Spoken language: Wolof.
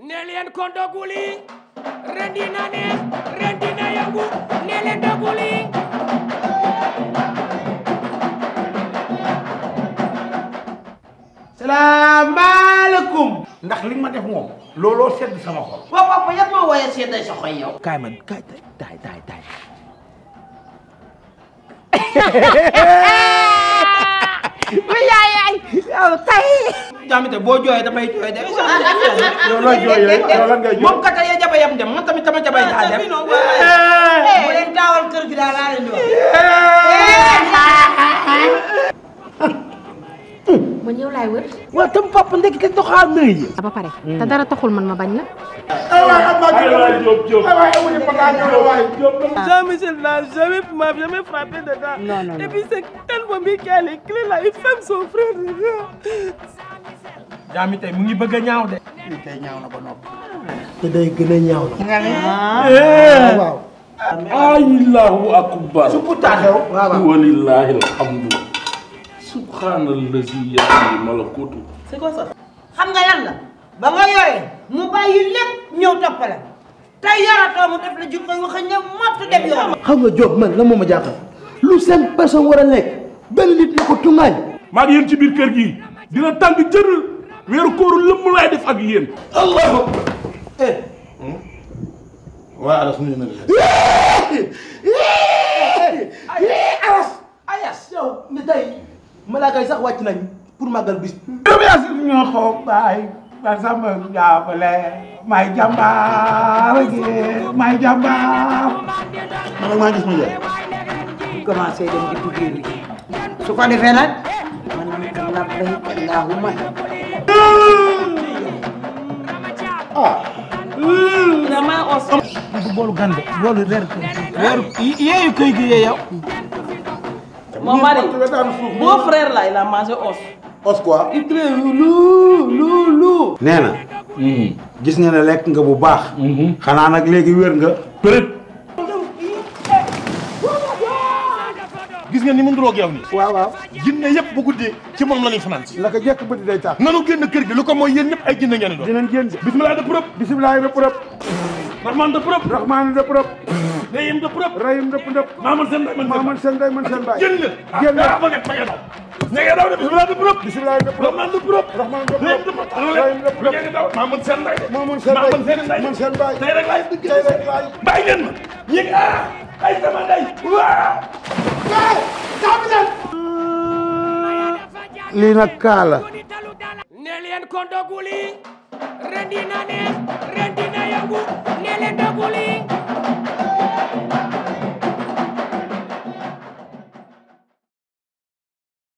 ne kondo guling, rendi ren rendi neex bu, dina do guling. Assalamualaikum. ndax li ma def sedd sama xol papa yat ma waaye sedday sa xol yow kaay man kaay tay tay tamit bo joy da bay joy da yo la joy yo la nga joy mom kata ya jaba yam dem man tamit tama jaba da dem eh len tawal keur gi da la len do man yow lay wër wa tam papa ndek te doxa mey ba pare ta dara taxul man ma bañ la ala amma job job job ala awri paka job way job jamais je n'a jamais m'a jamais frappé dedans et puis c'est tellement bien qu'elle est clé là il fait son frère jaami tay mu ngi bëgg a ñaaw de. tay ñaaw na ba nopp te day gëna a ñaaw na. nga ah. Ah, allahu akbar. suupu taaxew. waaw waaw walillahi alhamdu. subhanallazi yaqdi malakutu. c'est quoi ça. xam nga yalla ba nga yoré mu bayyi lepp ñew topp tay yara to mu def la jukkoy wax ak ñoom mottu dem yoon. xam nga Diop man la moo ma jaaxal. lu sen personne wara a ben nit na ko tungaañ. ma di yeen ci bir kër gi dina tang jeur weeru kóor lëmm laay def ak yéen. allahu akbar. eh. waa Aras nuyu na Aras. Ayas yow ni tey malaaka yi sax wàcc nañ pour màggal bis. yow yaa si ñoo xoo baay ba sama jaabale. may jàmbaar may jàmbaar. man maa gis mu njëriñ. bu commencé dem di tuddee bi su ko defee nag man nag labbayk allahumma boolu gande boolu reer yeeyu koy gi yee yow mon mari beau frère là il a mangé os os quoi il très lu lu lu nee na gis nga ne lekk nga bu baax mmh. xanaa nag léegi wér nga përët gis ngeen ni mu ak yaw ni waaw waaw jinne yëpp bu guddé ci mom la finance la si jek jekk bëdi day tax nanu genn kër gi lu ko mooy yéen ay jinne ngeen do dinañ genn bismillah de prop bismillah de prop rahman de prop rahman de prop rayim de prop rayim de prop maman sen day man maman sen day man sen bay genn génn ba nga tagal daw nga daw bismillah de prop bismillah de prop rahman de prop rahman de prop rayim de prop nga daw maman sen day maman sen day maman sen bay tay rek lay dëgg tay rek lay bay ngeen ñi ah ay sama day waaw lii nag kaa la ne leen ko ndoguli rendi na ne rendi na yàggu